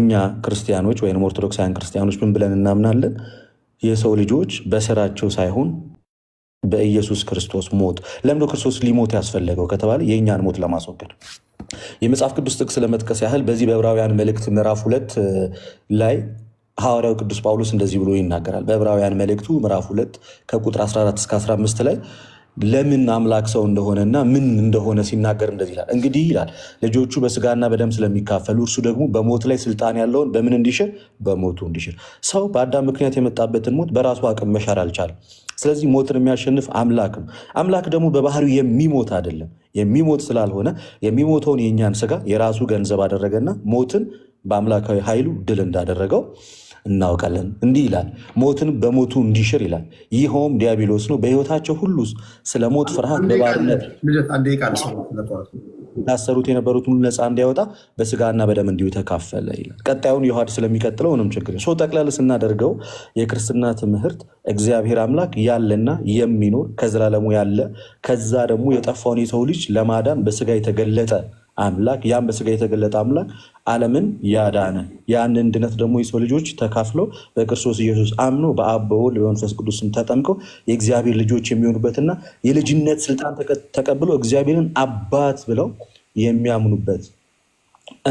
እኛ ክርስቲያኖች ወይም ኦርቶዶክሳውያን ክርስቲያኖች ምን ብለን እናምናለን? የሰው ልጆች በስራቸው ሳይሆን በኢየሱስ ክርስቶስ ሞት። ለምዶ ክርስቶስ ሊሞት ያስፈለገው ከተባለ የእኛን ሞት ለማስወገድ የመጽሐፍ ቅዱስ ጥቅስ ለመጥቀስ ያህል በዚህ በዕብራውያን መልእክት ምዕራፍ ሁለት ላይ ሐዋርያው ቅዱስ ጳውሎስ እንደዚህ ብሎ ይናገራል። በዕብራውያን መልእክቱ ምዕራፍ ሁለት ከቁጥር 14 እስከ 15 ላይ ለምን አምላክ ሰው እንደሆነና ምን እንደሆነ ሲናገር እንደዚህ ይላል። እንግዲህ ይላል ልጆቹ በስጋና በደም ስለሚካፈሉ እርሱ ደግሞ በሞት ላይ ስልጣን ያለውን በምን እንዲሽር? በሞቱ እንዲሽር። ሰው በአዳም ምክንያት የመጣበትን ሞት በራሱ አቅም መሻር አልቻለም። ስለዚህ ሞትን የሚያሸንፍ አምላክ ነው። አምላክ ደግሞ በባህሪው የሚሞት አይደለም። የሚሞት ስላልሆነ የሚሞተውን የእኛን ስጋ የራሱ ገንዘብ አደረገና ሞትን በአምላካዊ ኃይሉ ድል እንዳደረገው እናውቃለን። እንዲህ ይላል፣ ሞትን በሞቱ እንዲሽር ይላል። ይኸውም ዲያብሎስ ነው። በሕይወታቸው ሁሉ ስለ ሞት ፍርሃት በባርነት ታሰሩት የነበሩትን ነፃ እንዲያወጣ በስጋና በደም እንዲሁ ተካፈለ ይላል። ቀጣዩን የውሃድ ስለሚቀጥለው ምንም ችግር ሰው ጠቅላል ስናደርገው የክርስትና ትምህርት እግዚአብሔር አምላክ ያለና የሚኖር ከዘላለሙ ያለ ከዛ ደግሞ የጠፋውን የሰው ልጅ ለማዳን በስጋ የተገለጠ አምላክ ያን በስጋ የተገለጠ አምላክ ዓለምን ያዳነ ያንን ድነት ደግሞ የሰው ልጆች ተካፍለው በክርስቶስ ኢየሱስ አምኖ በአብ በወልድ በመንፈስ ቅዱስም ተጠምቀው የእግዚአብሔር ልጆች የሚሆኑበትና የልጅነት ስልጣን ተቀብለው እግዚአብሔርን አባት ብለው የሚያምኑበት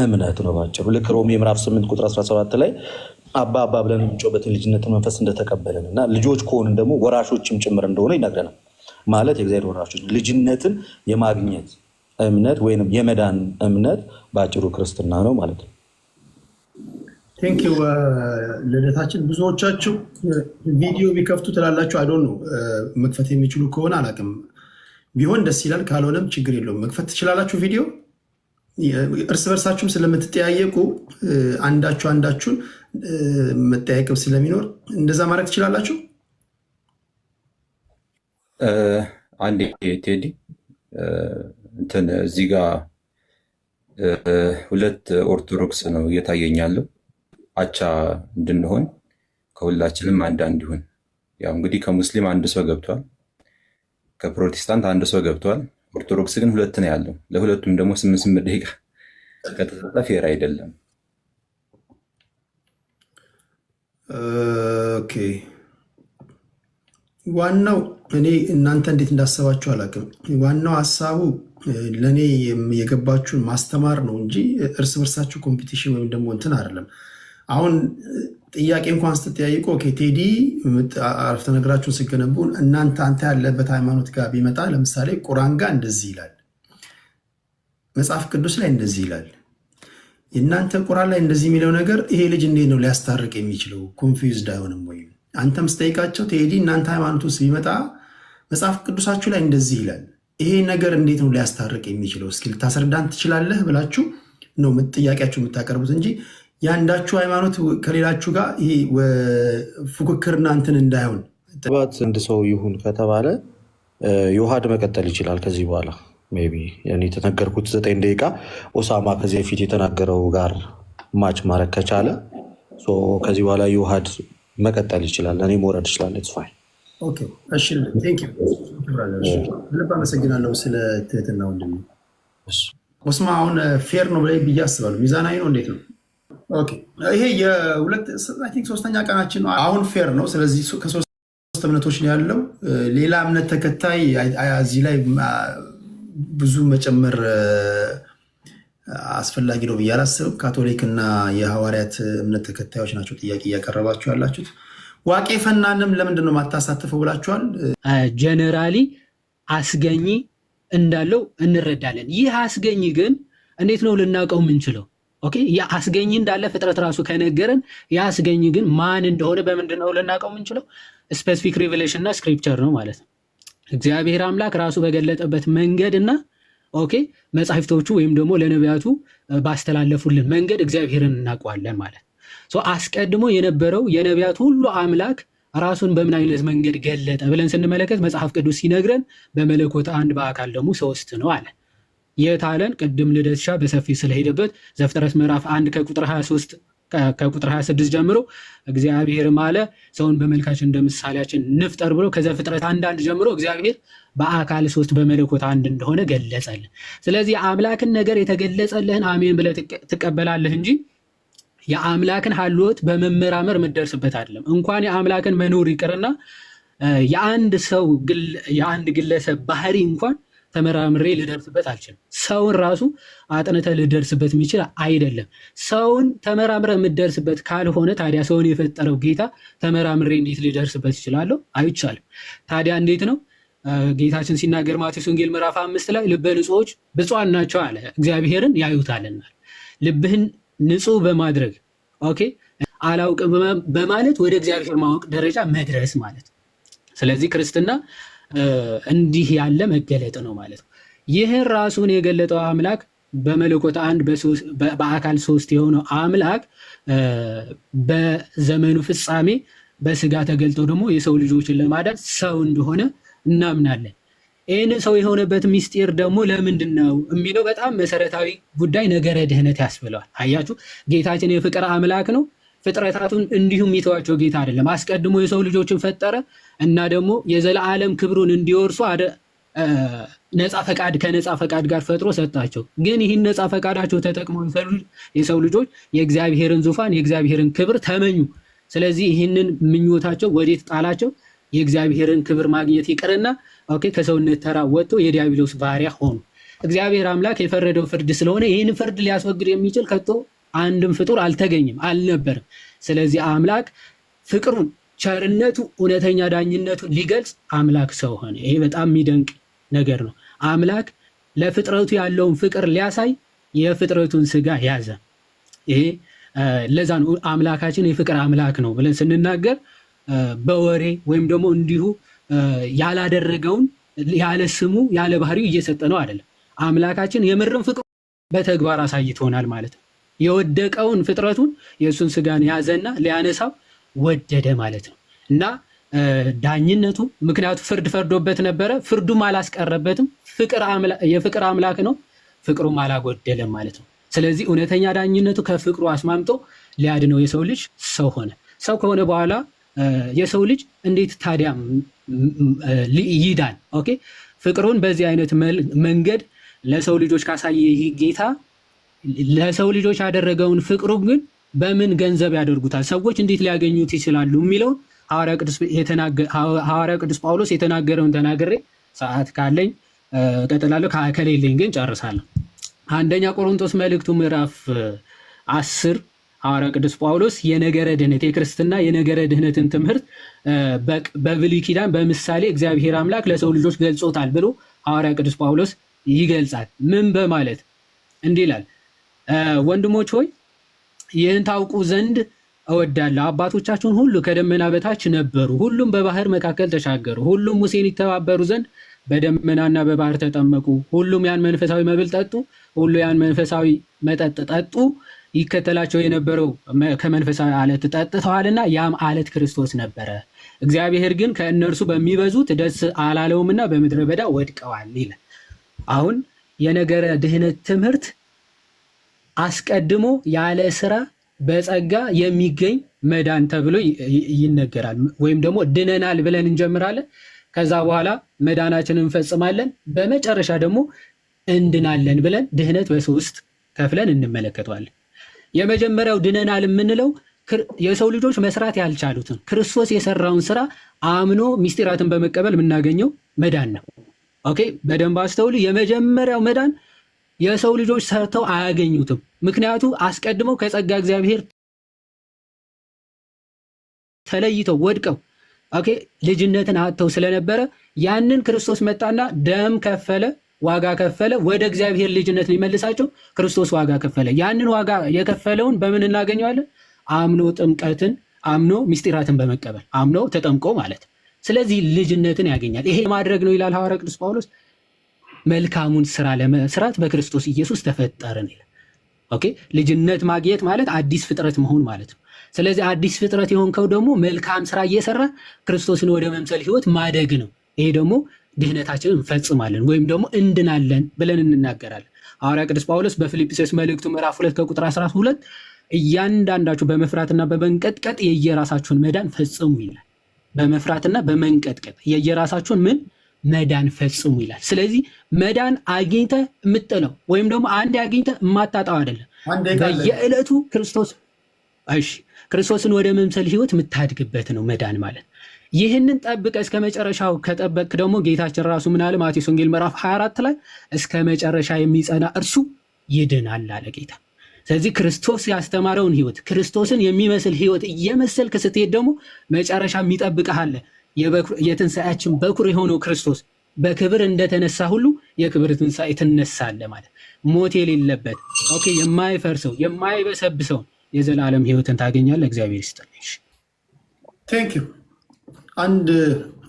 እምነት ነው። ባጭሩ ልክ ሮሜ ምዕራፍ 8 ቁጥር 17 ላይ አባ አባ ብለን የምንጮህበትን ልጅነትን መንፈስ እንደተቀበለን እና ልጆች ከሆንን ደግሞ ወራሾችም ጭምር እንደሆነ ይነግረናል። ማለት የእግዚአብሔር ወራሾች ልጅነትን የማግኘት እምነት ወይም የመዳን እምነት በአጭሩ ክርስትና ነው ማለት ነው። ቴንክ ዩ uh, ልደታችን። ብዙዎቻችሁ ቪዲዮ ቢከፍቱ ትላላችሁ። አይዶን ነው uh, መክፈት የሚችሉ ከሆነ አላውቅም፣ ቢሆን ደስ ይላል። ካልሆነም ችግር የለውም መክፈት ትችላላችሁ። ቪዲዮ እርስ በርሳችሁም ስለምትጠያየቁ uh, አንዳችሁ አንዳችሁን መጠያየቅም ስለሚኖር እንደዛ ማድረግ ትችላላችሁ። አንዴ ቴዲ እንትን እዚህ ጋር ሁለት ኦርቶዶክስ ነው እየታየኛለሁ። አቻ እንድንሆን ከሁላችንም አንድ አንድ ይሁን። ያው እንግዲህ ከሙስሊም አንድ ሰው ገብቷል፣ ከፕሮቴስታንት አንድ ሰው ገብቷል። ኦርቶዶክስ ግን ሁለት ነው ያለው። ለሁለቱም ደግሞ ስምንት ስምንት ደቂቃ ከተሰጠ ፌር አይደለም። ኦኬ ዋናው እኔ እናንተ እንዴት እንዳሰባችሁ አላውቅም። ዋናው ሀሳቡ ለእኔ የገባችሁን ማስተማር ነው እንጂ እርስ በርሳችሁ ኮምፒቲሽን ወይም ደግሞ እንትን አይደለም። አሁን ጥያቄ እንኳን ስትጠያይቁ ቴዲ አረፍተ ነገራችሁን ስገነቡ እናንተ አንተ ያለበት ሃይማኖት ጋር ቢመጣ ለምሳሌ ቁራን ጋር እንደዚህ ይላል፣ መጽሐፍ ቅዱስ ላይ እንደዚህ ይላል። የእናንተ ቁራን ላይ እንደዚህ የሚለው ነገር ይሄ ልጅ እንዴት ነው ሊያስታርቅ የሚችለው? ኮንፊውዝድ አይሆንም ወይም አንተም ስጠይቃቸው ቴዲ እናንተ ሃይማኖት ውስጥ ቢመጣ መጽሐፍ ቅዱሳችሁ ላይ እንደዚህ ይላል ይሄ ነገር እንዴት ነው ሊያስታርቅ የሚችለው? እስኪ ልታስረዳን ትችላለህ ብላችሁ ነው ጥያቄያችሁ የምታቀርቡት እንጂ የአንዳችሁ ሃይማኖት ከሌላችሁ ጋር ይሄ ፉክክርና እንትን እንዳይሆን ባት አንድ ሰው ይሁን ከተባለ የውሃድ መቀጠል ይችላል። ከዚህ በኋላ ሜይ ቢ የተነገርኩት ዘጠኝ ደቂቃ ኦሳማ ከዚህ በፊት የተናገረው ጋር ማች ማድረግ ከቻለ ከዚህ በኋላ የውሃድ መቀጠል ይችላል። እኔ መውረድ ይችላል። ስፋይ እሺ ልብ አመሰግናለሁ ስለ ትህትና ወንድም ኦስማ። አሁን ፌር ነው ብላይ ብዬ አስባለሁ። ሚዛናዊ ነው እንዴት ነው? ይሄ የሁለት ሶስተኛ ቀናችን ነው። አሁን ፌር ነው። ስለዚህ ከሶስት እምነቶች ነው ያለው። ሌላ እምነት ተከታይ እዚህ ላይ ብዙ መጨመር አስፈላጊ ነው ብዬ አላስብም። ካቶሊክ እና የሐዋርያት እምነት ተከታዮች ናቸው ጥያቄ እያቀረባችሁ ያላችሁት። ዋቄ ፈናንም ለምንድን ነው የማታሳትፈው ብላችኋል። ጀነራሊ አስገኝ እንዳለው እንረዳለን። ይህ አስገኝ ግን እንዴት ነው ልናውቀው የምንችለው? ኦኬ አስገኝ እንዳለ ፍጥረት ራሱ ከነገረን የአስገኝ ግን ማን እንደሆነ በምንድን ነው ልናውቀው የምንችለው? ስፔሲፊክ ሪቨሌሽን እና ስክሪፕቸር ነው ማለት ነው። እግዚአብሔር አምላክ ራሱ በገለጠበት መንገድ እና ኦኬ መጽሐፍቶቹ ወይም ደግሞ ለነቢያቱ ባስተላለፉልን መንገድ እግዚአብሔርን እናውቀዋለን ማለት ነው። አስቀድሞ የነበረው የነቢያት ሁሉ አምላክ ራሱን በምን አይነት መንገድ ገለጠ ብለን ስንመለከት መጽሐፍ ቅዱስ ሲነግረን በመለኮት አንድ በአካል ደግሞ ሶስት ነው አለ። የት አለን? ቅድም ልደትሻ በሰፊ ስለሄደበት ዘፍጥረት ምዕራፍ አንድ ከቁጥር 23 ከቁጥር 26 ጀምሮ እግዚአብሔርም አለ ሰውን በመልካችን እንደ ምሳሌያችን ንፍጠር ብሎ ከዘፍጥረት አንዳንድ ጀምሮ እግዚአብሔር በአካል ሶስት በመለኮት አንድ እንደሆነ ገለጸልን። ስለዚህ የአምላክን ነገር የተገለጸልህን አሜን ብለህ ትቀበላለህ እንጂ የአምላክን ሀልወት በመመራመር የምትደርስበት አይደለም። እንኳን የአምላክን መኖር ይቅርና የአንድ ሰው የአንድ ግለሰብ ባህሪ እንኳን ተመራምሬ ልደርስበት አልችልም። ሰውን ራሱ አጥንተ ልደርስበት የሚችል አይደለም። ሰውን ተመራምረ የምደርስበት ካልሆነ ታዲያ ሰውን የፈጠረው ጌታ ተመራምሬ እንዴት ልደርስበት ይችላለሁ? አይቻልም። ታዲያ እንዴት ነው ጌታችን ሲናገር ማቴዎስ ወንጌል ምዕራፍ አምስት ላይ ልበ ንጹዎች ብፁዓን ናቸው አለ። እግዚአብሔርን ያዩታልና ልብህን ንጹህ በማድረግ ኦኬ አላውቅ በማለት ወደ እግዚአብሔር ማወቅ ደረጃ መድረስ ማለት ነው። ስለዚህ ክርስትና እንዲህ ያለ መገለጥ ነው ማለት ነው። ይህን ራሱን የገለጠው አምላክ በመለኮት አንድ በአካል ሶስት የሆነው አምላክ በዘመኑ ፍጻሜ በስጋ ተገልጦ ደግሞ የሰው ልጆችን ለማዳት ሰው እንደሆነ እናምናለን። ይህን ሰው የሆነበት ሚስጢር ደግሞ ለምንድን ነው የሚለው በጣም መሰረታዊ ጉዳይ ነገረ ድህነት ያስብለዋል። አያችሁ ጌታችን የፍቅር አምላክ ነው። ፍጥረታቱን እንዲሁም የሚተዋቸው ጌታ አይደለም። አስቀድሞ የሰው ልጆችን ፈጠረ እና ደግሞ የዘለዓለም ክብሩን እንዲወርሱ ነፃ ፈቃድ ከነፃ ፈቃድ ጋር ፈጥሮ ሰጣቸው። ግን ይህን ነፃ ፈቃዳቸው ተጠቅመው የሰው ልጆች የእግዚአብሔርን ዙፋን የእግዚአብሔርን ክብር ተመኙ። ስለዚህ ይህንን ምኞታቸው ወዴት ጣላቸው? የእግዚአብሔርን ክብር ማግኘት ይቅርና ኦኬ ከሰውነት ተራ ወጥቶ የዲያብሎስ ባሪያ ሆኑ። እግዚአብሔር አምላክ የፈረደው ፍርድ ስለሆነ ይህን ፍርድ ሊያስወግድ የሚችል ከቶ አንድም ፍጡር አልተገኘም አልነበርም። ስለዚህ አምላክ ፍቅሩን፣ ቸርነቱ፣ እውነተኛ ዳኝነቱን ሊገልጽ አምላክ ሰው ሆነ። ይሄ በጣም የሚደንቅ ነገር ነው። አምላክ ለፍጥረቱ ያለውን ፍቅር ሊያሳይ የፍጥረቱን ስጋ ያዘ። ይሄ ለዛ አምላካችን የፍቅር አምላክ ነው ብለን ስንናገር በወሬ ወይም ደግሞ እንዲሁ ያላደረገውን ያለ ስሙ ያለ ባህሪው እየሰጠ ነው አይደለም። አምላካችን የምርም ፍቅሩ በተግባር አሳይቶናል ማለት ነው። የወደቀውን ፍጥረቱን የእሱን ስጋን ያዘና ሊያነሳው ወደደ ማለት ነው እና ዳኝነቱ ምክንያቱ ፍርድ ፈርዶበት ነበረ። ፍርዱም አላስቀረበትም። የፍቅር አምላክ ነው። ፍቅሩም አላጎደለም ማለት ነው። ስለዚህ እውነተኛ ዳኝነቱ ከፍቅሩ አስማምጦ ሊያድነው የሰው ልጅ ሰው ሆነ። ሰው ከሆነ በኋላ የሰው ልጅ እንዴት ታዲያ ይዳን? ኦኬ ፍቅሩን በዚህ አይነት መንገድ ለሰው ልጆች ካሳየ ጌታ ለሰው ልጆች ያደረገውን ፍቅሩ ግን በምን ገንዘብ ያደርጉታል? ሰዎች እንዴት ሊያገኙት ይችላሉ? የሚለውን ሐዋርያ ቅዱስ ጳውሎስ የተናገረውን ተናግሬ ሰዓት ካለኝ እቀጥላለሁ፣ ከሌለኝ ግን ጨርሳለሁ። አንደኛ ቆሮንቶስ መልእክቱ ምዕራፍ አስር ሐዋርያው ቅዱስ ጳውሎስ የነገረ ድህነት የክርስትና የነገረ ድህነትን ትምህርት በብሉይ ኪዳን በምሳሌ እግዚአብሔር አምላክ ለሰው ልጆች ገልጾታል ብሎ ሐዋርያው ቅዱስ ጳውሎስ ይገልጻል። ምን በማለት እንዲህ ይላል፣ ወንድሞች ሆይ ይህን ታውቁ ዘንድ እወዳለሁ። አባቶቻችሁን ሁሉ ከደመና በታች ነበሩ፣ ሁሉም በባህር መካከል ተሻገሩ፣ ሁሉም ሙሴን ይተባበሩ ዘንድ በደመናና በባህር ተጠመቁ፣ ሁሉም ያን መንፈሳዊ መብል ጠጡ፣ ሁሉ ያን መንፈሳዊ መጠጥ ጠጡ ይከተላቸው የነበረው ከመንፈሳዊ አለት ጠጥተዋልና ያም አለት ክርስቶስ ነበረ። እግዚአብሔር ግን ከእነርሱ በሚበዙት ደስ አላለውምና በምድረ በዳ ወድቀዋል ይለ አሁን የነገረ ድህነት ትምህርት አስቀድሞ ያለ ስራ በጸጋ የሚገኝ መዳን ተብሎ ይነገራል። ወይም ደግሞ ድነናል ብለን እንጀምራለን። ከዛ በኋላ መዳናችን እንፈጽማለን። በመጨረሻ ደግሞ እንድናለን ብለን ድህነት በሶስት ከፍለን እንመለከተዋለን። የመጀመሪያው ድነናል የምንለው የሰው ልጆች መስራት ያልቻሉትን ክርስቶስ የሰራውን ስራ አምኖ ሚስጢራትን በመቀበል የምናገኘው መዳን ነው። ኦኬ፣ በደንብ አስተውሉ። የመጀመሪያው መዳን የሰው ልጆች ሰርተው አያገኙትም። ምክንያቱ አስቀድመው ከጸጋ እግዚአብሔር ተለይተው ወድቀው ኦኬ ልጅነትን አጥተው ስለነበረ ያንን ክርስቶስ መጣና ደም ከፈለ ዋጋ ከፈለ፣ ወደ እግዚአብሔር ልጅነት ሊመልሳቸው ክርስቶስ ዋጋ ከፈለ። ያንን ዋጋ የከፈለውን በምን እናገኘዋለን? አምኖ ጥምቀትን አምኖ ምስጢራትን በመቀበል አምኖ ተጠምቆ ማለት ስለዚህ ልጅነትን ያገኛል። ይሄ ማድረግ ነው ይላል ሐዋርያ ቅዱስ ጳውሎስ። መልካሙን ስራ ለመስራት በክርስቶስ ኢየሱስ ተፈጠርን ይላል። ኦኬ ልጅነት ማግኘት ማለት አዲስ ፍጥረት መሆን ማለት ነው። ስለዚህ አዲስ ፍጥረት የሆንከው ደግሞ መልካም ስራ እየሰራ ክርስቶስን ወደ መምሰል ህይወት ማደግ ነው። ይሄ ደግሞ ድህነታችንን እንፈጽማለን ወይም ደግሞ እንድናለን ብለን እንናገራለን። ሐዋርያ ቅዱስ ጳውሎስ በፊልጵስዩስ መልእክቱ ምዕራፍ ሁለት ከቁጥር 12 እያንዳንዳችሁ በመፍራትና በመንቀጥቀጥ የየራሳችሁን መዳን ፈጽሙ ይላል። በመፍራትና በመንቀጥቀጥ የየራሳችሁን ምን መዳን ፈጽሙ ይላል። ስለዚህ መዳን አግኝተ የምጥለው ወይም ደግሞ አንድ አግኝተ የማታጣው አይደለም። በየዕለቱ ክርስቶስ እሺ ክርስቶስን ወደ መምሰል ህይወት የምታድግበት ነው መዳን ማለት ይህንን ጠብቀ እስከ መጨረሻው ከጠበቅ ደግሞ ጌታችን ራሱ ምን አለ? ማቴዎስ ወንጌል ምዕራፍ 24 ላይ እስከ መጨረሻ የሚጸና እርሱ ይድናል አለ ጌታ። ስለዚህ ክርስቶስ ያስተማረውን ህይወት ክርስቶስን የሚመስል ህይወት እየመሰልክ ስትሄድ ደግሞ መጨረሻ የሚጠብቀሃለ የትንሣኤያችን በኩር የሆነው ክርስቶስ በክብር እንደተነሳ ሁሉ የክብር ትንሣኤ ትነሳለ ማለት ሞት የሌለበት ኦኬ፣ የማይፈርሰው የማይበሰብሰውን የዘላለም ህይወትን ታገኛለ እግዚአብሔር ይስጥልሽ። አንድ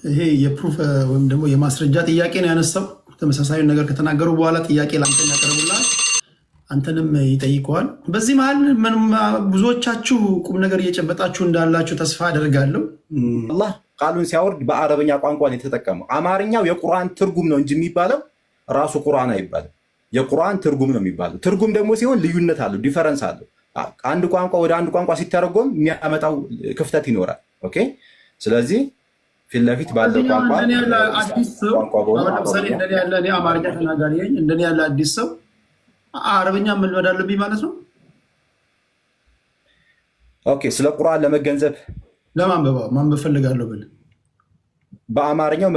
ይሄ የፕሩፍ ወይም ደግሞ የማስረጃ ጥያቄ ነው ያነሳው። ተመሳሳዩን ነገር ከተናገሩ በኋላ ጥያቄ ለአንተ ያቀርቡላል፣ አንተንም ይጠይቀዋል። በዚህ መሀል ብዙዎቻችሁ ቁም ነገር እየጨበጣችሁ እንዳላችሁ ተስፋ አደርጋለሁ። አላህ ቃሉን ሲያወርድ በአረበኛ ቋንቋ ነው የተጠቀመው። አማርኛው የቁርአን ትርጉም ነው እንጂ የሚባለው ራሱ ቁርአን አይባልም። የቁርአን ትርጉም ነው የሚባለው። ትርጉም ደግሞ ሲሆን ልዩነት አለው፣ ዲፈረንስ አለው። አንድ ቋንቋ ወደ አንድ ቋንቋ ሲተረጎም የሚያመጣው ክፍተት ይኖራል። ኦኬ ስለዚህ ፊት ለፊት ባለው ቋንቋ ያለ አማርኛ ተናጋሪ ነኝ። እንደኔ ያለ አዲስ ሰው አረብኛ መልመድ አለብኝ ማለት ነው። ኦኬ፣ ስለ ቁርአን ለመገንዘብ ለማንበባ ማንበብ ፈልጋለሁ ብል በአማርኛው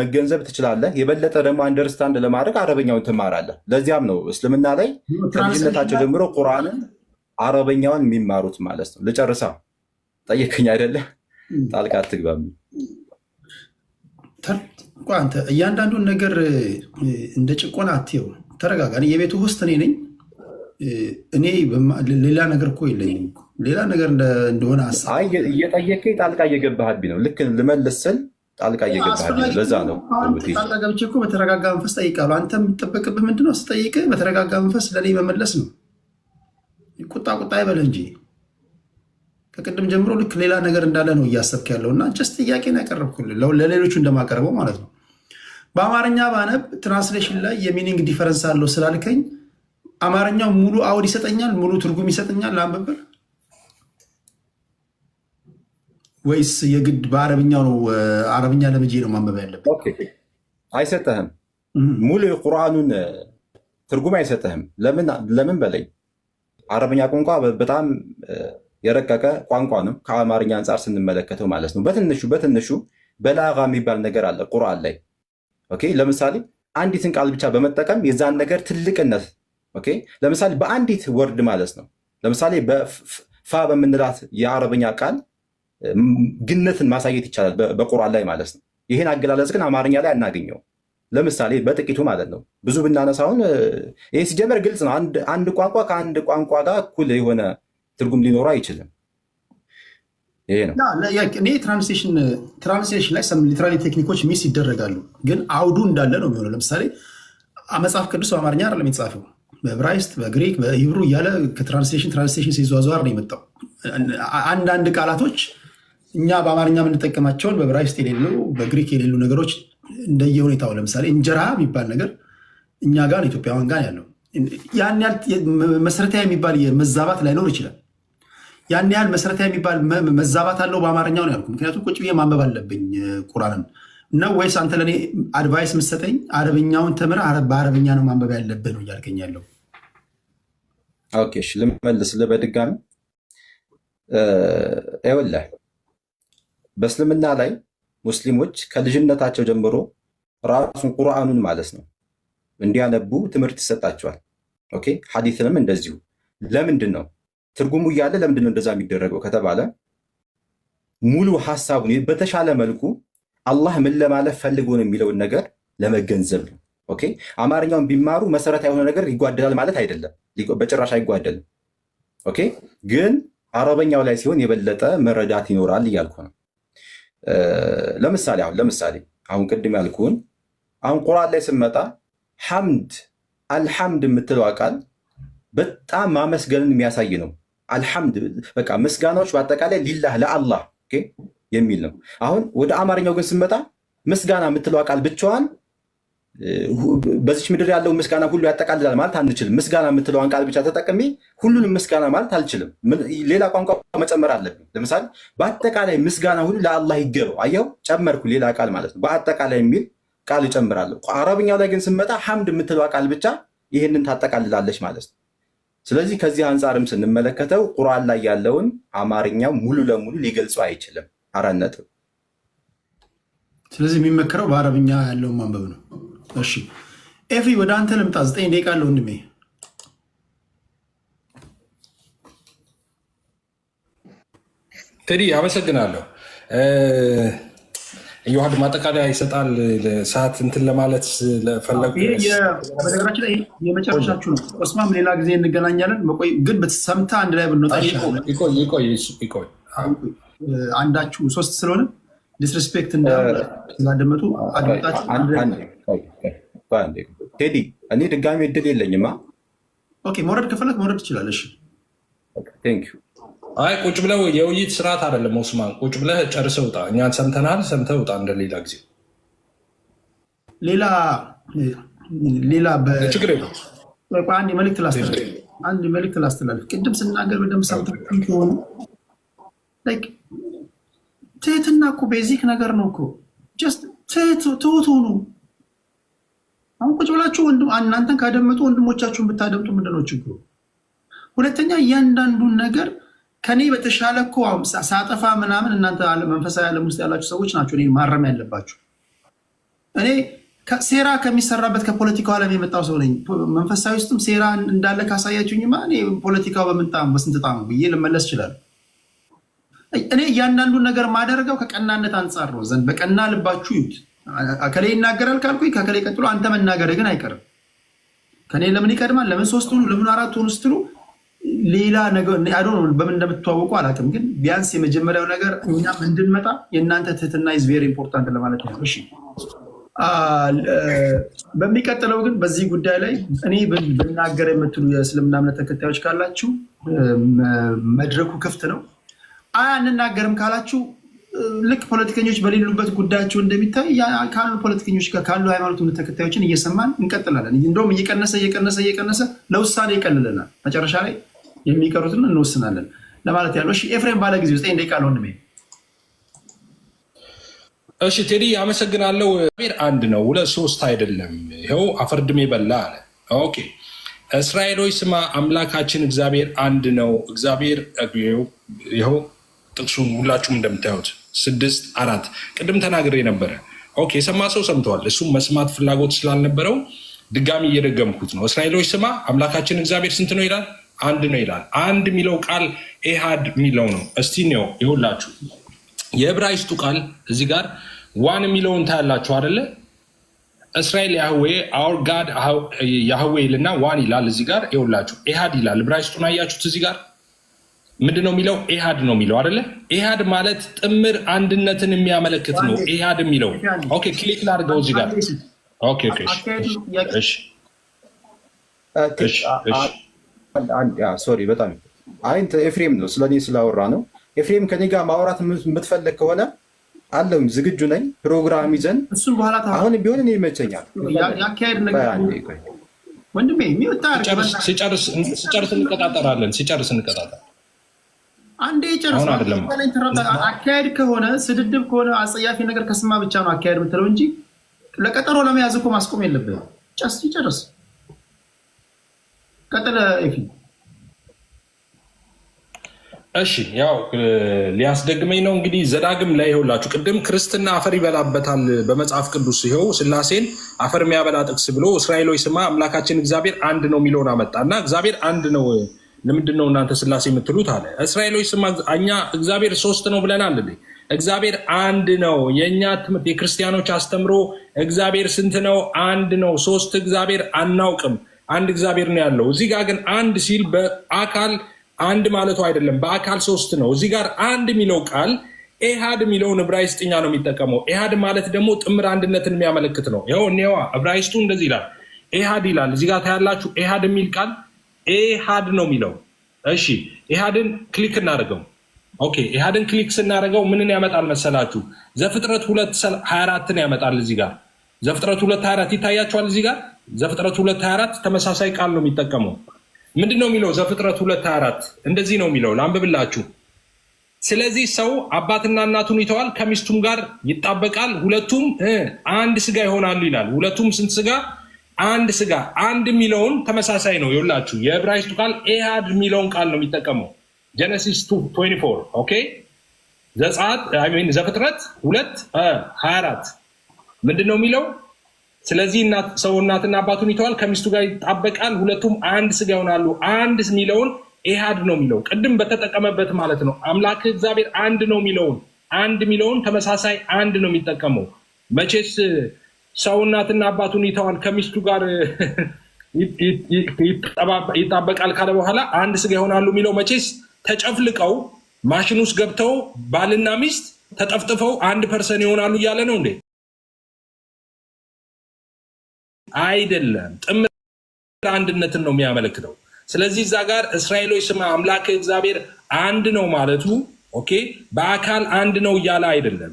መገንዘብ ትችላለህ። የበለጠ ደግሞ አንደርስታንድ ለማድረግ አረበኛውን ትማራለህ። ለዚያም ነው እስልምና ላይ ከልጅነታቸው ጀምሮ ቁርአንን አረበኛውን የሚማሩት ማለት ነው። ልጨርሳ ጠየቀኝ አይደለም ጣልቃ አትግባም። አንተ እያንዳንዱን ነገር እንደ ጭቆና አትየው፣ ተረጋጋ። የቤቱ ውስጥ እኔ ነኝ። እኔ ሌላ ነገር እኮ የለኝም። ሌላ ነገር እንደሆነ እየጠየቀኝ ጣልቃ እየገባህብኝ ነው። ልክ ልመልስ ስል ጣልቃ እየገባህብኝ ነው። ለዛ ነው ጣልቃ ገብቼ እኮ በተረጋጋ መንፈስ ጠይቃለሁ። አንተ የምጠበቅብህ ምንድነው? ስጠይቅህ በተረጋጋ መንፈስ ለእኔ መመለስ ነው። ቁጣ ቁጣ ይበል እንጂ ከቅድም ጀምሮ ልክ ሌላ ነገር እንዳለ ነው እያሰብክ ያለው እና ጀስት ጥያቄን ያቀረብኩልህ ለሌሎቹ እንደማቀርበው ማለት ነው። በአማርኛ ባነብ ትራንስሌሽን ላይ የሚኒንግ ዲፈረንስ አለው ስላልከኝ አማርኛው ሙሉ አውድ ይሰጠኛል፣ ሙሉ ትርጉም ይሰጠኛል ለአንብብል ወይስ የግድ በአረብኛ ነው? አረብኛ ለምጄ ነው ማንበብ ያለብን? አይሰጠህም። ሙሉ የቁርአኑን ትርጉም አይሰጠህም። ለምን በለኝ። አረብኛ ቋንቋ በጣም የረቀቀ ቋንቋ ነው ከአማርኛ አንጻር ስንመለከተው ማለት ነው። በትንሹ በትንሹ በላጋ የሚባል ነገር አለ ቁርአን ላይ። ኦኬ ለምሳሌ አንዲትን ቃል ብቻ በመጠቀም የዛን ነገር ትልቅነት ኦኬ ለምሳሌ በአንዲት ወርድ ማለት ነው። ለምሳሌ በፋ በምንላት የአረበኛ ቃል ግነትን ማሳየት ይቻላል በቁርአን ላይ ማለት ነው። ይህን አገላለጽ ግን አማርኛ ላይ አናገኘው። ለምሳሌ በጥቂቱ ማለት ነው። ብዙ ብናነሳውን ይህ ሲጀመር ግልጽ ነው። አንድ ቋንቋ ከአንድ ቋንቋ ጋር እኩል የሆነ ትርጉም ሊኖረው አይችልም። እኔ ትራንስሌሽን ላይ ሊትራሊ ቴክኒኮች ሚስ ይደረጋሉ፣ ግን አውዱ እንዳለ ነው የሚሆነው። ለምሳሌ መጽሐፍ ቅዱስ በአማርኛ አይደለም የተጻፈው፣ በብራይስት በግሪክ በሂብሩ እያለ ከትራንስሌሽን ትራንስሌሽን ሲዟዟር ነው የመጣው። አንዳንድ ቃላቶች እኛ በአማርኛ የምንጠቀማቸውን በብራይስት የሌሉ በግሪክ የሌሉ ነገሮች እንደየሁኔታው፣ ለምሳሌ እንጀራ የሚባል ነገር እኛ ጋር ኢትዮጵያውያን ጋር ያለው ያን ያህል መሰረታዊ የሚባል መዛባት ላይኖር ይችላል። ያን ያህል መሰረታዊ የሚባል መዛባት አለው በአማርኛው ነው ያልኩ። ምክንያቱም ቁጭ ብዬ ማንበብ አለብኝ ቁራንን ነው ወይስ አንተ ለእኔ አድቫይስ ምሰጠኝ? አረብኛውን ተምር፣ በአረብኛ ነው ማንበብ ያለብህ ነው እያልከኝ ያለው? ኦኬ ልመልስልህ በድጋሚ ይኸውልህ፣ በእስልምና ላይ ሙስሊሞች ከልጅነታቸው ጀምሮ ራሱን ቁርአኑን ማለት ነው እንዲያነቡ ትምህርት ይሰጣቸዋል። ኦኬ ሐዲስንም እንደዚሁ። ለምንድን ነው ትርጉሙ እያለ ለምንድን ነው እንደዛ የሚደረገው ከተባለ ሙሉ ሀሳቡን በተሻለ መልኩ አላህ ምን ለማለፍ ፈልጎ ነው የሚለውን ነገር ለመገንዘብ ነው። ኦኬ አማርኛውን ቢማሩ መሰረታ የሆነ ነገር ይጓደላል ማለት አይደለም፣ በጭራሽ አይጓደልም። ኦኬ ግን አረበኛው ላይ ሲሆን የበለጠ መረዳት ይኖራል እያልኩ ነው። ለምሳሌ አሁን ለምሳሌ አሁን ቅድም ያልኩን አሁን ቁርአን ላይ ስመጣ ሐምድ አልሐምድ የምትለው ቃል በጣም ማመስገንን የሚያሳይ ነው። አልሐምድ በቃ ምስጋናዎች በአጠቃላይ ሊላህ ለአላህ የሚል ነው። አሁን ወደ አማርኛው ግን ስንመጣ ምስጋና የምትለዋ ቃል ብቻዋን በዚች ምድር ያለው ምስጋና ሁሉ ያጠቃልላል ማለት አንችልም። ምስጋና የምትለዋን ቃል ብቻ ተጠቅሜ ሁሉንም ምስጋና ማለት አልችልም። ሌላ ቋንቋ መጨመር አለብኝ። ለምሳሌ በአጠቃላይ ምስጋና ሁሉ ለአላህ ይገባው። አየው ጨመርኩ፣ ሌላ ቃል ማለት ነው። በአጠቃላይ የሚል ቃል እጨምራለሁ። አረብኛው ላይ ግን ስንመጣ ሐምድ የምትለዋ ቃል ብቻ ይህንን ታጠቃልላለች ማለት ነው። ስለዚህ ከዚህ አንጻርም ስንመለከተው ቁርአን ላይ ያለውን አማርኛው ሙሉ ለሙሉ ሊገልጹ አይችልም። አራት ነጥብ። ስለዚህ የሚመከረው በአረብኛ ያለውን ማንበብ ነው። እሺ ኤፍሪ ወደ አንተ ልምጣ። ዘጠኝ ደቂቃ ወንድሜ። ትዲ አመሰግናለሁ። የውሃድ ማጠቃለያ ይሰጣል። ሰዓት እንትን ለማለት ለፈለጉ በነገራችን ላይ የመጨረሻችሁ ነው። ኦስማም ሌላ ጊዜ እንገናኛለን። ግን ሰምተህ አንድ ላይ ብንወጣ አንዳችሁ ሶስት ስለሆነ ዲስሪስፔክት እንዳደመጡ አድመጣችሁ ቴዲ፣ እኔ ድጋሚ እድል የለኝማ። ኦኬ መውረድ ከፈለግ መውረድ ትችላለሽ። ቴንክ ዩ አይ ቁጭ ብለህ የውይይት ስርዓት አይደለም። ኦስማን ቁጭ ብለህ ጨርሰህ ውጣ። እኛን ሰምተናል፣ ሰምተህ ውጣ። እንደሌላ ጊዜ ሌላ ሌላ ችግር አንድ መልዕክት ላስተላልፍ፣ አንድ መልዕክት ላስተላልፍ። ቅድም ስናገር እንደምሳምታችሁ ከሆነ ትህትና እኮ ቤዚክ ነገር ነው እኮ ትሁት ሁኑ። አሁን ቁጭ ብላችሁ እናንተን ካደመጡ ወንድሞቻችሁን ብታደምጡ ምንድን ነው ችግሩ? ሁለተኛ እያንዳንዱን ነገር ከኔ በተሻለ እኮ ሳጠፋ ምናምን እናንተ መንፈሳዊ ዓለም ውስጥ ያላችሁ ሰዎች ናቸው እኔ ማረም ያለባችሁ። እኔ ሴራ ከሚሰራበት ከፖለቲካው ዓለም የመጣው ሰው ነኝ። መንፈሳዊ ውስጥም ሴራ እንዳለ ካሳያችሁኝማ እኔ ፖለቲካው በምንጣም በስንት ጣሙ ብዬ ልመለስ ይችላል። እኔ እያንዳንዱን ነገር ማደርገው ከቀናነት አንጻር ነው። ዘንድ በቀና ልባችሁ ይዩት። ከላይ ይናገራል ካልኩኝ ከከላይ ቀጥሎ አንተ መናገር ግን አይቀርም። ከኔ ለምን ይቀድማል? ለምን ሶስት ሆኑ? ለምን አራት ሆኑ ስትሉ ሌላ ነገር በምን እንደምትተዋወቁ አላውቅም፣ ግን ቢያንስ የመጀመሪያው ነገር እኛም እንድንመጣ የእናንተ ትህትና ኢዝ ቬሪ ኢምፖርታንት ለማለት ነው። እሺ። በሚቀጥለው ግን በዚህ ጉዳይ ላይ እኔ ብናገር የምትሉ የእስልምና እምነት ተከታዮች ካላችሁ መድረኩ ክፍት ነው። አይ አንናገርም ካላችሁ ልክ ፖለቲከኞች በሌሉበት ጉዳያቸው እንደሚታይ ካሉ ፖለቲከኞች ጋር ካሉ ሃይማኖት እምነት ተከታዮችን እየሰማን እንቀጥላለን። እንደውም እየቀነሰ እየቀነሰ እየቀነሰ ለውሳኔ ይቀልልናል መጨረሻ ላይ የሚቀሩትን እንወስናለን ለማለት ያለው። እሺ ኤፍሬም ባለ ጊዜ ውስጥ እንደ ቃል ወንድሜ። እሺ ቴዲ አመሰግናለሁ። እግዚአብሔር አንድ ነው፣ ሁለት ሶስት አይደለም። ይኸው አፈርድሜ በላ አለ። ኦኬ እስራኤሎች ስማ አምላካችን እግዚአብሔር አንድ ነው። እግዚአብሔር ይኸው ጥቅሱን ሁላችሁም እንደምታዩት ስድስት አራት ቅድም ተናግሬ ነበረ። ኦኬ የሰማ ሰው ሰምተዋል። እሱም መስማት ፍላጎት ስላልነበረው ድጋሚ እየደገምኩት ነው። እስራኤሎች ስማ አምላካችን እግዚአብሔር ስንት ነው ይላል? አንድ ነው ይላል። አንድ የሚለው ቃል ኤሃድ የሚለው ነው። እስቲ ነው ይሁላችሁ፣ የዕብራይስጡ ቃል እዚህ ጋር ዋን የሚለውን ታያላችሁ አደለ? እስራኤል ያህዌ አውር ጋድ ያህዌ ይልና ዋን ይላል። እዚህ ጋር ይሁላችሁ፣ ኤሃድ ይላል። ዕብራይስጡን አያችሁት? እዚህ ጋር ምንድን ነው የሚለው? ኤሃድ ነው የሚለው አደለ? ኤሃድ ማለት ጥምር አንድነትን የሚያመለክት ነው። ኤሃድ የሚለው ኦኬ፣ ክሊክ ላድርገው እዚህ ጋር ኦኬ፣ ኦኬ፣ እሺ፣ እሺ ሶሪ በጣም አይ ኤፍሬም ነው ስለኔ ስላወራ ነው። ኤፍሬም ከኔ ጋር ማውራት የምትፈልግ ከሆነ አለው ዝግጁ ነኝ። ፕሮግራም ይዘን እሱም በኋላ አሁን ቢሆን እኔ ይመቸኛል። እንቀጣጠራለን። ሲጨርስ እንቀጣጠራለን። አንዴ ጨርስ አካሄድ ከሆነ ስድድብ ከሆነ አጸያፊ ነገር ከስማ ብቻ ነው አካሄድ ምትለው እንጂ ለቀጠሮ ለመያዝ እኮ ማስቆም የለብህም። ጨርስ ይጨርስ ቀጥለ ፊ እሺ ያው ሊያስደግመኝ ነው እንግዲህ ዘዳግም ላይ ይኸውላችሁ፣ ቅድም ክርስትና አፈር ይበላበታል በመጽሐፍ ቅዱስ ይኸው ስላሴን አፈር የሚያበላ ጥቅስ ብሎ እስራኤሎች ስማ አምላካችን እግዚአብሔር አንድ ነው የሚለውን አመጣና እግዚአብሔር አንድ ነው ለምንድን ነው እናንተ ስላሴ የምትሉት አለ። እስራኤሎች ስማ እኛ እግዚአብሔር ሶስት ነው ብለናል። እግዚአብሔር አንድ ነው። የእኛ ትምህርት የክርስቲያኖች አስተምሮ እግዚአብሔር ስንት ነው? አንድ ነው። ሶስት እግዚአብሔር አናውቅም አንድ እግዚአብሔር ነው ያለው። እዚህ ጋር ግን አንድ ሲል በአካል አንድ ማለቱ አይደለም፣ በአካል ሶስት ነው። እዚህ ጋር አንድ የሚለው ቃል ኤሃድ የሚለውን ዕብራይስጥኛ ነው የሚጠቀመው። ኤሃድ ማለት ደግሞ ጥምር አንድነትን የሚያመለክት ነው። ይኸው እኔዋ ዕብራይስጡ እንደዚህ ይላል፣ ኤሃድ ይላል። እዚህ ጋር ታያላችሁ፣ ኤሃድ የሚል ቃል ኤሃድ ነው የሚለው። እሺ ኤሃድን ክሊክ እናደርገው። ኦኬ ኢህአድን ክሊክ ስናደርገው ምንን ያመጣል መሰላችሁ? ዘፍጥረት ሁለት ሀያ አራትን ያመጣል። እዚህ ጋር ዘፍጥረት ሁለት ሀያ አራት ይታያችኋል እዚህ ጋር ዘፍጥረት ሁለት ሀያ አራት ተመሳሳይ ቃል ነው የሚጠቀመው። ምንድን ነው የሚለው? ዘፍጥረት ሁለት ሀያ አራት እንደዚህ ነው የሚለው፣ ለአንብብላችሁ። ስለዚህ ሰው አባትና እናቱን ይተዋል፣ ከሚስቱም ጋር ይጣበቃል፣ ሁለቱም አንድ ስጋ ይሆናሉ ይላል። ሁለቱም ስንት ስጋ? አንድ ስጋ። አንድ የሚለውን ተመሳሳይ ነው ይላችሁ። የዕብራይስጡ ቃል ኤሃድ የሚለውን ቃል ነው የሚጠቀመው። ጀነሲስ 24 ኦኬ። ዘፍጥረት ሁለት 24 ምንድን ነው የሚለው ስለዚህ ሰው እናትና አባቱን ይተዋል፣ ከሚስቱ ጋር ይጣበቃል፣ ሁለቱም አንድ ስጋ ይሆናሉ። አንድ የሚለውን ኢህአድ ነው የሚለው ቅድም በተጠቀመበት ማለት ነው። አምላክ እግዚአብሔር አንድ ነው የሚለውን አንድ የሚለውን ተመሳሳይ አንድ ነው የሚጠቀመው። መቼስ ሰው እናትና አባቱን ይተዋል፣ ከሚስቱ ጋር ይጣበቃል ካለ በኋላ አንድ ስጋ ይሆናሉ የሚለው መቼስ ተጨፍልቀው ማሽን ውስጥ ገብተው ባልና ሚስት ተጠፍጥፈው አንድ ፐርሰን ይሆናሉ እያለ ነው እንዴ? አይደለም። ጥምር አንድነትን ነው የሚያመለክተው። ስለዚህ እዛ ጋር እስራኤሎች ስማ አምላክ እግዚአብሔር አንድ ነው ማለቱ ኦኬ፣ በአካል አንድ ነው እያለ አይደለም።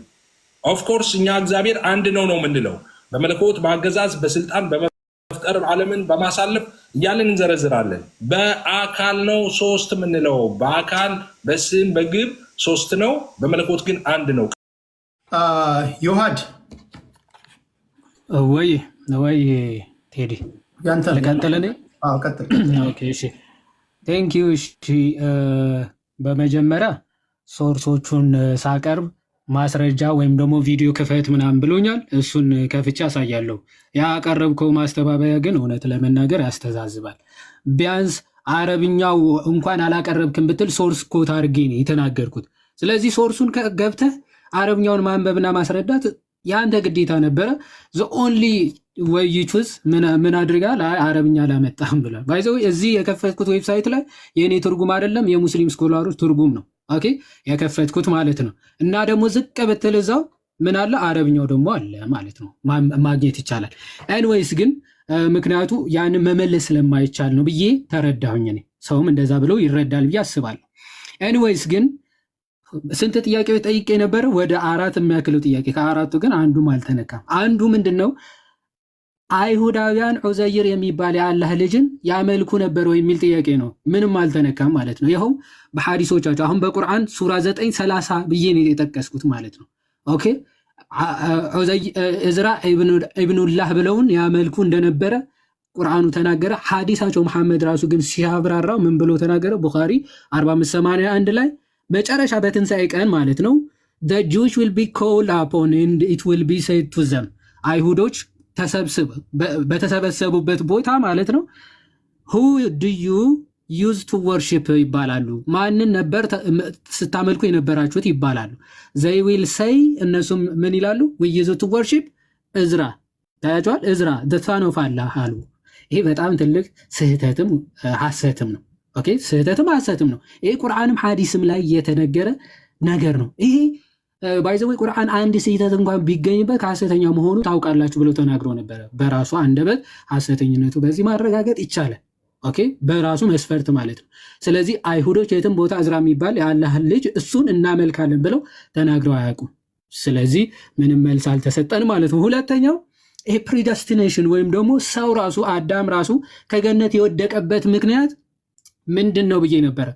ኦፍኮርስ እኛ እግዚአብሔር አንድ ነው ነው የምንለው በመለኮት በአገዛዝ በስልጣን በመፍጠር ዓለምን በማሳለፍ እያለን እንዘረዝራለን። በአካል ነው ሶስት የምንለው በአካል በስም በግብ ሶስት ነው፣ በመለኮት ግን አንድ ነው። ዮሐድ ወይ ወይ ቴዲ ቴንኪዩ። እሺ፣ በመጀመሪያ ሶርሶቹን ሳቀርብ ማስረጃ ወይም ደግሞ ቪዲዮ ክፈት ምናምን ብሎኛል። እሱን ከፍቻ አሳያለሁ። ያቀረብከው ማስተባበያ ግን እውነት ለመናገር ያስተዛዝባል። ቢያንስ አረብኛው እንኳን አላቀረብክም ብትል ሶርስ ኮት አድርጌ ነው የተናገርኩት። ስለዚህ ሶርሱን ገብተህ አረብኛውን ማንበብና ማስረዳት የአንተ ግዴታ ነበረ። ዘ ኦንሊ ወይቹስ ምን አድርጋል? አረብኛ አላመጣም ብሏል። ባይዘው እዚህ የከፈትኩት ዌብሳይት ላይ የእኔ ትርጉም አይደለም የሙስሊም ስኮላሮች ትርጉም ነው። ኦኬ የከፈትኩት ማለት ነው። እና ደግሞ ዝቅ ብትል እዛው ምን አለ አረብኛው ደግሞ አለ ማለት ነው። ማግኘት ይቻላል። ኤንዌይስ ግን ምክንያቱ ያንን መመለስ ስለማይቻል ነው ብዬ ተረዳሁኝ። እኔ ሰውም እንደዛ ብለው ይረዳል ብዬ አስባለሁ። ኤንዌይስ ግን ስንት ጥያቄዎች ጠይቄ ነበረ? ወደ አራት የሚያክለው ጥያቄ ከአራቱ ግን አንዱም አልተነካም። አንዱ ምንድን ነው አይሁዳውያን ዑዘይር የሚባል የአላህ ልጅን ያመልኩ ነበር ወይ የሚል ጥያቄ ነው። ምንም አልተነካም ማለት ነው። ይኸው በሐዲሶቻቸው አሁን በቁርአን ሱራ 9 30 ብዬ ነው የጠቀስኩት ማለት ነው። ኦኬ እዝራ ኢብኑላህ ብለውን ያመልኩ እንደነበረ ቁርአኑ ተናገረ። ሐዲሳቸው መሐመድ ራሱ ግን ሲያብራራው ምን ብሎ ተናገረ? ቡኻሪ 4581 ላይ መጨረሻ በትንሣኤ ቀን ማለት ነው ዘ ጁሽ ዊል ቢ ኮልድ አፖን ኢት ዊል ቢ ሴድ ቱ ዘም አይሁዶች በተሰበሰቡበት ቦታ ማለት ነው። ሁ ድዩ ዩዝ ቱ ወርሺፕ ይባላሉ። ማንን ነበር ስታመልኩ የነበራችሁት ይባላሉ። ዘይ ዊል ሰይ እነሱም ምን ይላሉ? ዩዝ ቱ ወርሺፕ እዝራ ታያቸዋል። እዝራ ደታ ነው ፋላ አሉ። ይሄ በጣም ትልቅ ስህተትም ሀሰትም ነው። ኦኬ ስህተትም ሀሰትም ነው። ይሄ ቁርአንም ሀዲስም ላይ የተነገረ ነገር ነው። ይሄ ባይዘዌ uh, ቁርአን አንድ ስህተት እንኳን ቢገኝበት ከሀሰተኛ መሆኑ ታውቃላችሁ ብሎ ተናግሮ ነበረ። በራሱ አንደበት ሀሰተኝነቱ በዚህ ማረጋገጥ ይቻላል። ኦኬ በራሱ መስፈርት ማለት ነው። ስለዚህ አይሁዶች የትም ቦታ እዝራ የሚባል የአላህ ልጅ እሱን እናመልካለን ብለው ተናግረው አያውቁም። ስለዚህ ምንም መልስ አልተሰጠን ማለት ነው። ሁለተኛው ይሄ ፕሪደስቲኔሽን ወይም ደግሞ ሰው ራሱ አዳም ራሱ ከገነት የወደቀበት ምክንያት ምንድን ነው ብዬ ነበረ።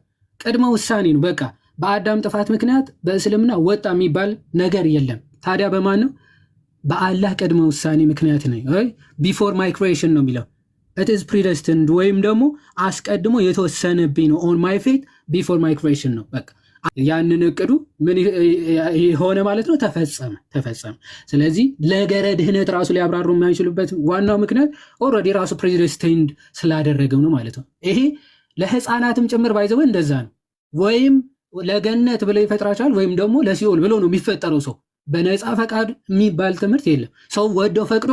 ቅድመ ውሳኔ ነው በቃ በአዳም ጥፋት ምክንያት በእስልምና ወጣ የሚባል ነገር የለም። ታዲያ በማን ነው? በአላህ ቅድመ ውሳኔ ምክንያት ነው። ቢፎር ማይ ክሬሽን ነው የሚለው ኢትዝ ፕሪደስትንድ ወይም ደግሞ አስቀድሞ የተወሰነብኝ ነው። ኦን ማይ ፌት ቢፎር ማይ ክሬሽን ነው። በቃ ያንን እቅዱ ምን የሆነ ማለት ነው ተፈጸመ ተፈጸመ። ስለዚህ ነገረ ድህነት ራሱ ሊያብራሩ የማይችሉበት ዋናው ምክንያት ኦልሬዲ ራሱ ፕሪደስትንድ ስላደረገው ነው ማለት ነው። ይሄ ለህፃናትም ጭምር ባይዘው እንደዛ ነው ወይም ለገነት ብለው ይፈጥራቸዋል ወይም ደግሞ ለሲኦል ብሎ ነው የሚፈጠረው ሰው በነፃ ፈቃድ የሚባል ትምህርት የለም። ሰው ወዶ ፈቅዶ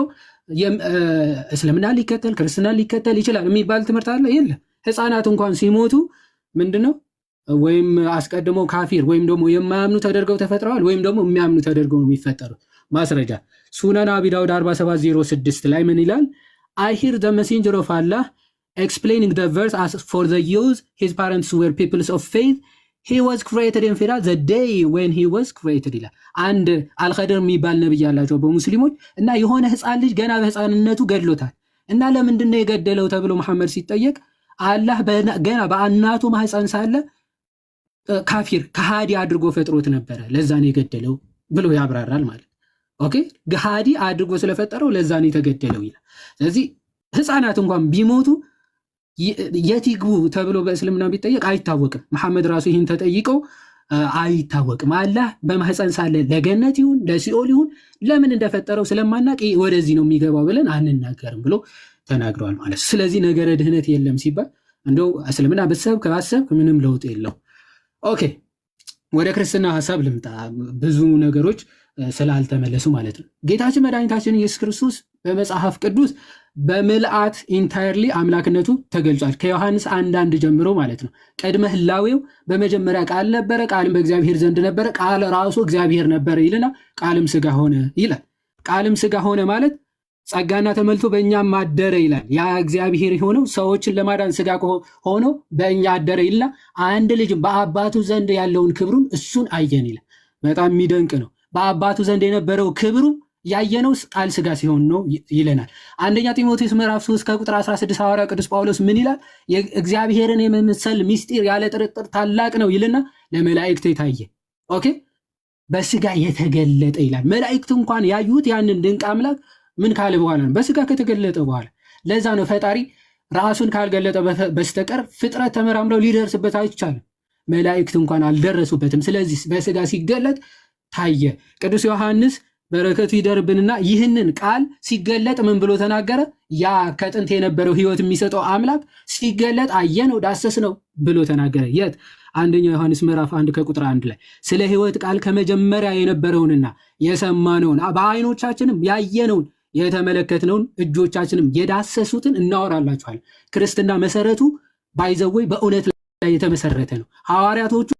እስልምና ሊከተል ክርስትና ሊከተል ይችላል የሚባል ትምህርት አለ? የለም። ህፃናት እንኳን ሲሞቱ ምንድነው ወይም አስቀድሞ ካፊር ወይም ደግሞ የማያምኑ ተደርገው ተፈጥረዋል ወይም ደግሞ የሚያምኑ ተደርገው ነው የሚፈጠሩት። ማስረጃ ሱነን አቢዳውድ 4706 ላይ ምን ይላል? አይ ሂር ዘ መሴንጀር ኦፍ አላህ ኤክስፕሌኒንግ ዘ ቨርስ ፎር ዘ ዩዝ ሂዝ ፓረንትስ ወር ፒፕልስ ኦፍ ፌይዝ ሂ ወዝ ክሬትድ እንፊራ ዘ ዴይ ዌን ሂ ወዝ ክሬትድ ይላል። አንድ አልኸድር የሚባል ነብይ ያላቸው በሙስሊሞች እና የሆነ ህፃን ልጅ ገና በህፃንነቱ ገድሎታል እና ለምንድን ነው የገደለው ተብሎ መሐመድ ሲጠየቅ አላህ ገና በእናቱ ማህፀን ሳለ ካፊር ከሃዲ አድርጎ ፈጥሮት ነበረ ለዛ ነው የገደለው ብሎ ያብራራል ማለት ኦኬ ገሃዲ አድርጎ ስለፈጠረው ለዛ ነው የተገደለው ይላል። ስለዚህ ህፃናት እንኳን ቢሞቱ የት ይግቡ ተብሎ በእስልምና ቢጠየቅ አይታወቅም። መሐመድ ራሱ ይህን ተጠይቀው አይታወቅም። አላህ በማህፀን ሳለ ለገነት ይሁን ለሲኦል ይሁን ለምን እንደፈጠረው ስለማናቅ ወደዚህ ነው የሚገባው ብለን አንናገርም ብሎ ተናግረዋል ማለት። ስለዚህ ነገረ ድህነት የለም ሲባል እንደው እስልምና ብትሰብክ ባሰብክ ምንም ለውጥ የለው። ኦኬ፣ ወደ ክርስትና ሀሳብ ልምጣ። ብዙ ነገሮች ስላልተመለሱ ማለት ነው። ጌታችን መድኃኒታችን ኢየሱስ ክርስቶስ በመጽሐፍ ቅዱስ በምልአት ኢንታየርሊ አምላክነቱ ተገልጿል። ከዮሐንስ አንዳንድ ጀምሮ ማለት ነው። ቅድመ ህላዌው በመጀመሪያ ቃል ነበረ፣ ቃልም በእግዚአብሔር ዘንድ ነበረ፣ ቃል ራሱ እግዚአብሔር ነበረ ይልና ቃልም ስጋ ሆነ ይላል። ቃልም ስጋ ሆነ ማለት ጸጋና ተመልቶ በእኛም አደረ ይላል። ያ እግዚአብሔር የሆነው ሰዎችን ለማዳን ስጋ ሆኖ በእኛ አደረ ይልና አንድ ልጅም በአባቱ ዘንድ ያለውን ክብሩን እሱን አየን ይላል። በጣም የሚደንቅ ነው። በአባቱ ዘንድ የነበረው ክብሩ ያየነው ቃል ስጋ ሲሆን ነው ይለናል። አንደኛ ጢሞቴዎስ ምዕራፍ 3 ከቁጥር 16 ሐዋርያ ቅዱስ ጳውሎስ ምን ይላል? እግዚአብሔርን የመምሰል ምስጢር ያለ ጥርጥር ታላቅ ነው ይልና ለመላእክት የታየ ኦኬ፣ በስጋ የተገለጠ ይላል። መላእክት እንኳን ያዩት ያንን ድንቅ አምላክ ምን ካለ በኋላ ነው? በስጋ ከተገለጠ በኋላ። ለዛ ነው ፈጣሪ ራሱን ካልገለጠ በስተቀር ፍጥረት ተመራምረው ሊደርስበት አይቻልም። መላእክት እንኳን አልደረሱበትም። ስለዚህ በስጋ ሲገለጥ ታየ። ቅዱስ ዮሐንስ በረከቱ ይደርብንና ይህንን ቃል ሲገለጥ ምን ብሎ ተናገረ? ያ ከጥንት የነበረው ህይወት የሚሰጠው አምላክ ሲገለጥ አየነው፣ ዳሰስነው ብሎ ተናገረ። የት? አንደኛው ዮሐንስ ምዕራፍ አንድ ከቁጥር አንድ ላይ ስለ ህይወት ቃል ከመጀመሪያ የነበረውንና የሰማነውን በአይኖቻችንም ያየነውን የተመለከትነውን እጆቻችንም የዳሰሱትን እናወራላችኋል። ክርስትና መሰረቱ ባይዘወይ በእውነት ላይ የተመሰረተ ነው። ሐዋርያቶቹ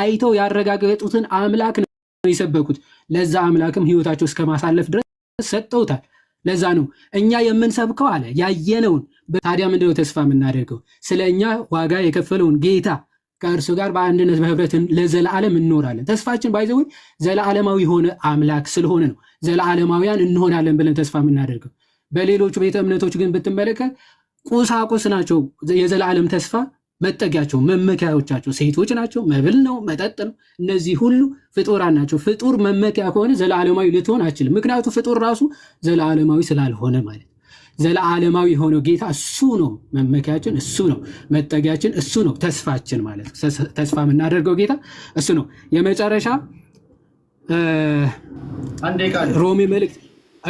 አይተው ያረጋገጡትን አምላክ ነው የሰበኩት። ለዛ አምላክም ህይወታቸው እስከ ማሳለፍ ድረስ ሰጠውታል። ለዛ ነው እኛ የምንሰብከው አለ ያየነውን። ታዲያ ምንድነው ተስፋ የምናደርገው? ስለ እኛ ዋጋ የከፈለውን ጌታ ከእርሱ ጋር በአንድነት በህብረትን ለዘላለም እንኖራለን። ተስፋችን ባይዘው ዘላለማዊ የሆነ አምላክ ስለሆነ ነው ዘላለማውያን እንሆናለን ብለን ተስፋ የምናደርገው። በሌሎቹ ቤተ እምነቶች ግን ብትመለከት ቁሳቁስ ናቸው የዘላለም ተስፋ መጠጊያቸው መመኪያዎቻቸው ሴቶች ናቸው። መብል ነው፣ መጠጥ ነው። እነዚህ ሁሉ ፍጡራን ናቸው። ፍጡር መመኪያ ከሆነ ዘለዓለማዊ ልትሆን አችልም። ምክንያቱ ፍጡር ራሱ ዘለዓለማዊ ስላልሆነ ማለት ዘለዓለማዊ የሆነው ጌታ እሱ ነው መመኪያችን፣ እሱ ነው መጠጊያችን፣ እሱ ነው ተስፋችን ማለት ተስፋ የምናደርገው ጌታ እሱ ነው። የመጨረሻ ሮሜ መልእክት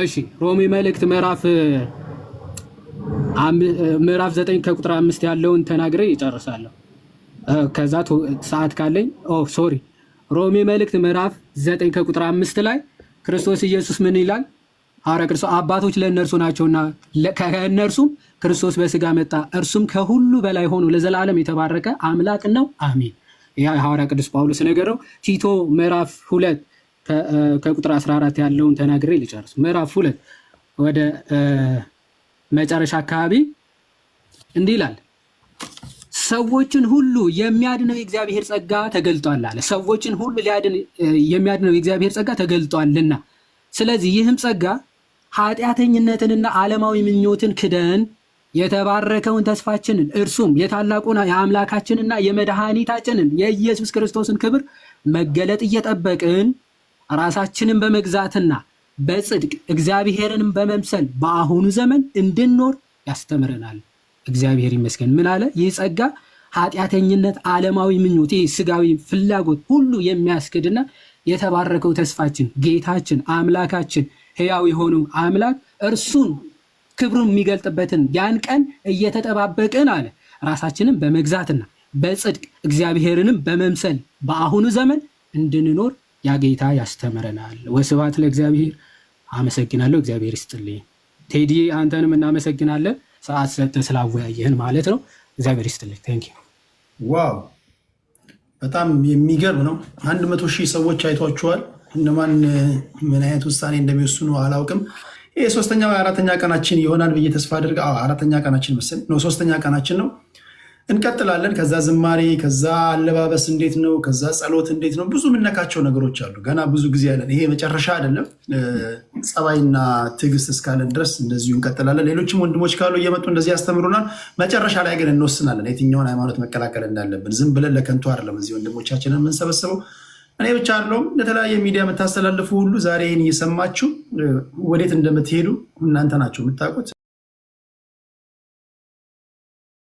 እሺ ሮሜ መልእክት ምዕራፍ ምዕራፍ ዘጠኝ ከቁጥር አምስት ያለውን ተናግሬ ይጨርሳለሁ። ከዛ ሰዓት ካለኝ ሶሪ ሮሜ መልእክት ምዕራፍ ዘጠኝ ከቁጥር አምስት ላይ ክርስቶስ ኢየሱስ ምን ይላል? ሐዋርያ ክርስቶስ አባቶች ለእነርሱ ናቸውና ከእነርሱም ክርስቶስ በስጋ መጣ፣ እርሱም ከሁሉ በላይ ሆኖ ለዘላለም የተባረከ አምላቅ ነው። አሜን። ያ ሐዋርያ ቅዱስ ጳውሎስ ነገረው። ቲቶ ምዕራፍ ሁለት ከቁጥር 14 ያለውን ተናግሬ ልጨርስ። ምዕራፍ ሁለት ወደ መጨረሻ አካባቢ እንዲህ ይላል፣ ሰዎችን ሁሉ የሚያድነው የእግዚአብሔር ጸጋ ተገልጧል አለ። ሰዎችን ሁሉ ሊያድን የሚያድነው የእግዚአብሔር ጸጋ ተገልጧልና፣ ስለዚህ ይህም ጸጋ ኃጢአተኝነትንና ዓለማዊ ምኞትን ክደን የተባረከውን ተስፋችንን እርሱም የታላቁን የአምላካችንና የመድኃኒታችንን የኢየሱስ ክርስቶስን ክብር መገለጥ እየጠበቅን ራሳችንን በመግዛትና በጽድቅ እግዚአብሔርንም በመምሰል በአሁኑ ዘመን እንድንኖር ያስተምረናል። እግዚአብሔር ይመስገን። ምን አለ? ይህ ጸጋ ኃጢአተኝነት፣ ዓለማዊ ምኞት፣ ይህ ስጋዊ ፍላጎት ሁሉ የሚያስክድና የተባረከው ተስፋችን ጌታችን አምላካችን ሕያው የሆነው አምላክ እርሱን ክብሩን የሚገልጥበትን ያን ቀን እየተጠባበቅን አለ ራሳችንን በመግዛትና በጽድቅ እግዚአብሔርንም በመምሰል በአሁኑ ዘመን እንድንኖር ያ ጌታ ያስተምረናል። ወስብሐት ለእግዚአብሔር። አመሰግናለሁ። እግዚአብሔር ይስጥልኝ። ቴዲ አንተንም እናመሰግናለን፣ ሰዓት ሰጥተህ ስላወያየህን ማለት ነው። እግዚአብሔር ይስጥልኝ። ቴንክ ዩ። ዋው በጣም የሚገርም ነው። አንድ መቶ ሺህ ሰዎች አይቷችኋል። እነማን ምን አይነት ውሳኔ እንደሚወስኑ አላውቅም። ይህ አራተኛ ቀናችን ይሆናል ብዬ ተስፋ አድርገ አራተኛ ቀናችን መሰለኝ ነው፣ ሶስተኛ ቀናችን ነው። እንቀጥላለን። ከዛ ዝማሬ፣ ከዛ አለባበስ እንዴት ነው፣ ከዛ ጸሎት እንዴት ነው። ብዙ የምነካቸው ነገሮች አሉ። ገና ብዙ ጊዜ አለን። ይሄ መጨረሻ አይደለም። ጸባይና ትዕግስት እስካለን ድረስ እንደዚሁ እንቀጥላለን። ሌሎችም ወንድሞች ካሉ እየመጡ እንደዚህ ያስተምሩናል። መጨረሻ ላይ ግን እንወስናለን የትኛውን ሃይማኖት መቀላቀል እንዳለብን። ዝም ብለን ለከንቱ አይደለም እዚህ ወንድሞቻችንን የምንሰበስበው። እኔ ብቻ አለውም ለተለያየ ሚዲያ የምታስተላልፉ ሁሉ ዛሬን እየሰማችሁ ወዴት እንደምትሄዱ እናንተ ናችሁ የምታውቁት።